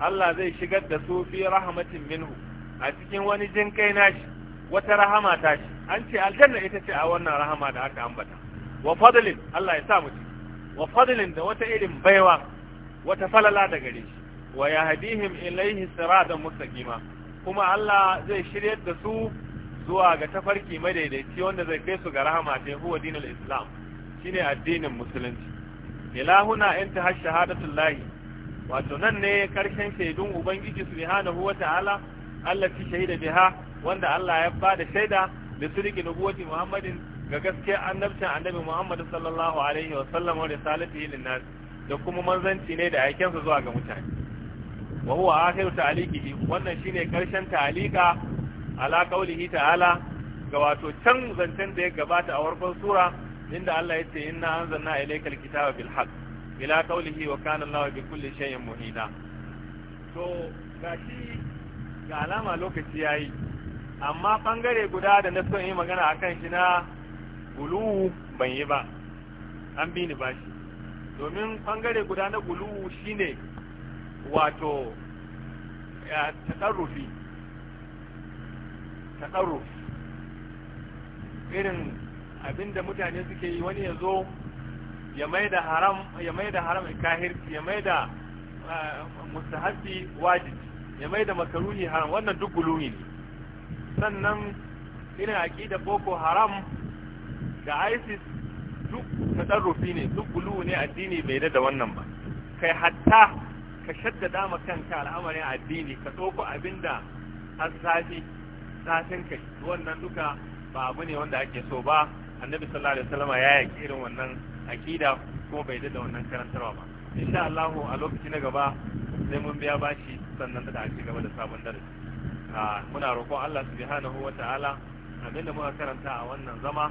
Allah zai shigar da su fi rahmatin minhu a cikin wani jinkai nashi wata rahama ta shi an ce aljanna ita ce a wannan rahama da aka ambata wa fadlin Allah ya sa mu ci wa fadlin da wata irin baiwa wata falala da gare shi wa yahdihim ilayhi siratan mustaqima kuma Allah zai shiryar da su zuwa ga tafarki madaidaici wanda zai kai su ga rahama ta huwa dinul islam shine addinin musulunci ilahuna inta hashahadatul lahi wato nan ne karshen shaidun ubangiji subhanahu wata'ala allati shahida biha wanda Allah ya bada shaida da na nubuwati Muhammadin ga gaskiya annabcin annabi Muhammad sallallahu alaihi wa sallam wa risalatihi lin nas da kuma manzanci ne da aikensa zuwa ga mutane wa huwa akhiru ta'liqihi wannan shine karshen ta'liqa ala qaulihi ta'ala ga wato can zancen da ya gabata a warkon sura inda Allah ya ce inna anzalna ilayka kitaba bil haqq ila qaulihi wa kana Allahu bi kulli shay'in muhida to gashi ga alama lokaci ya yi amma ɓangare guda da na son yi magana a kan shi na guluwu ban yi ba an bi ni bashi domin ɓangare guda na guluwu shine wato taɗarrufi taɗarruf irin abinda mutane suke yi wani ya zo ya mai da haram ya mai da haram ya mai da eh, mustahabbi wajibi ya mai da makaruni haram wannan duk guluwi ne sannan ina aqida boko haram da isis duk tadarrufi ne duk guluwi ne addini bai da wannan ba kai hatta ka shaddada ma kanka al'amarin addini ka tsoko abinda har safi safin kai wannan duka ba abu ne wanda ake so ba annabi sallallahu alaihi wasallam ya yaki irin wannan aƙida kuma bai da wannan karantarwa ba insha Allah a lokaci na gaba sai mun biya bashi sannan da ci gaba da sabon darasi ah, muna roƙon Allah subhanahu wa ta'ala abinda muka karanta a wannan zama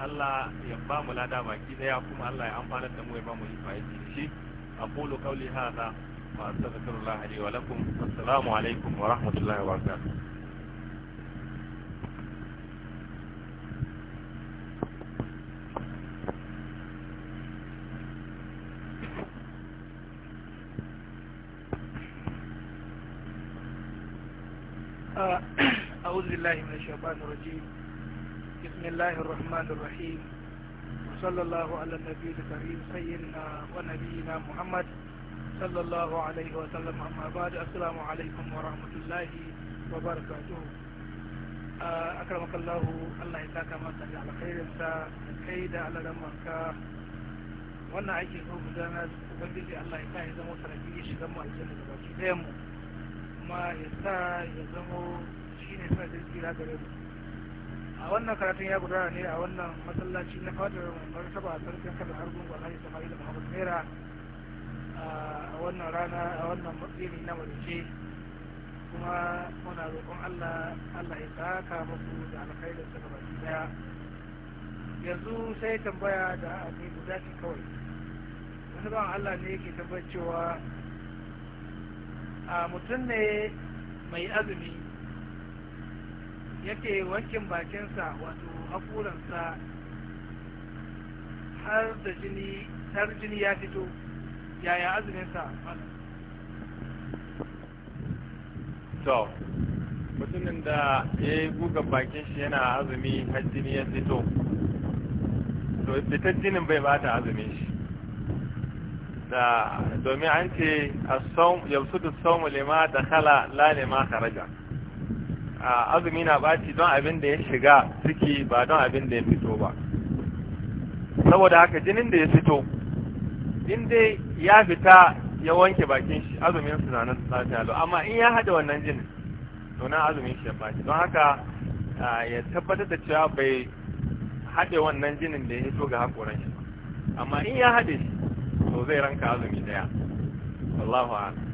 Allah ya ba mu lada baki daya kuma Allah ya amfana da mu ya ba mu ifaiti shi aqulu qawli hadha wa astaghfirullah li wa lakum assalamu alaikum wa rahmatullahi wa barakatuh أعوذ بالله من الشيطان الرجيم بسم الله الرحمن الرحيم وصلى الله على النبي الكريم سيدنا ونبينا محمد صلى الله عليه وسلم أما بعد السلام عليكم ورحمة الله وبركاته أكرمك الله الله يساك ما سجع على خير سا كيد على دمك وانا عيشي هو بدانا وبنجي الله يساك زمو سنبيش زمو الجنة وبنجي kuma ya sa ya zamo shi ne sa jirgin da gare mu a wannan karatun ya gudana ne a wannan masallaci na fadar martaba a sarkin kada har gungun alhaji sama'ila muhammad naira a wannan rana a wannan matsiri na marice kuma muna roƙon allah allah ya saka muku da da sa baki daya yanzu sai tambaya da ne guda ce kawai wani ban allah ne yake tabbacewa cewa a mutum ne mai azumi yake wankin bakinsa wato haƙuransa har da jini har jini ya fito yaya azuminsa to mutumin da ya yi guga bakin shi yana azumi har jini ya fito to fitar jinin bai bata azumin shi da domin an ce yabsudu saumu lima da kala la lima kharaja azumi na baci don abin da ya shiga ciki ba don abin da ya fito ba saboda haka jinin da ya fito inda ya fita ya wanke bakin shi azumin su na nan tsatalo amma in ya hada wannan jinin to na azumin shi ya baci don haka ya tabbatar da cewa bai haɗe wannan jinin da ya fito ga haƙoran shi amma in ya haɗe shi to zai ranka azumi daya wallahu a'lam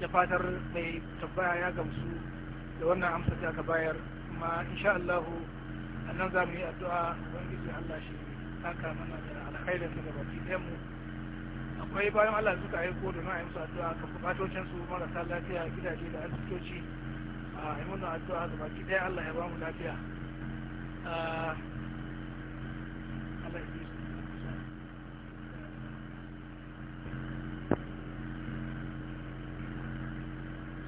da fatar mai tabbaya ya gamsu da wannan amsa da aka bayar kuma insha Allah nan za mu yi addu'a ubangiji Allah shi saka mana da alkhairin da gaba ɗayan mu akwai bayan Allah suka aiko da na musu addu'a kan bukatocin su marasa lafiya gidaje da asibitoci a yi addu'a gabaki ɗaya Allah ya ba mu lafiya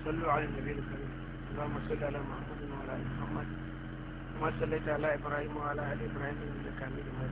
صلوا على النبي الكريم اللهم صل على محمد وعلى ال محمد كما صليت على ابراهيم وعلى ال ابراهيم انك حميد مجيد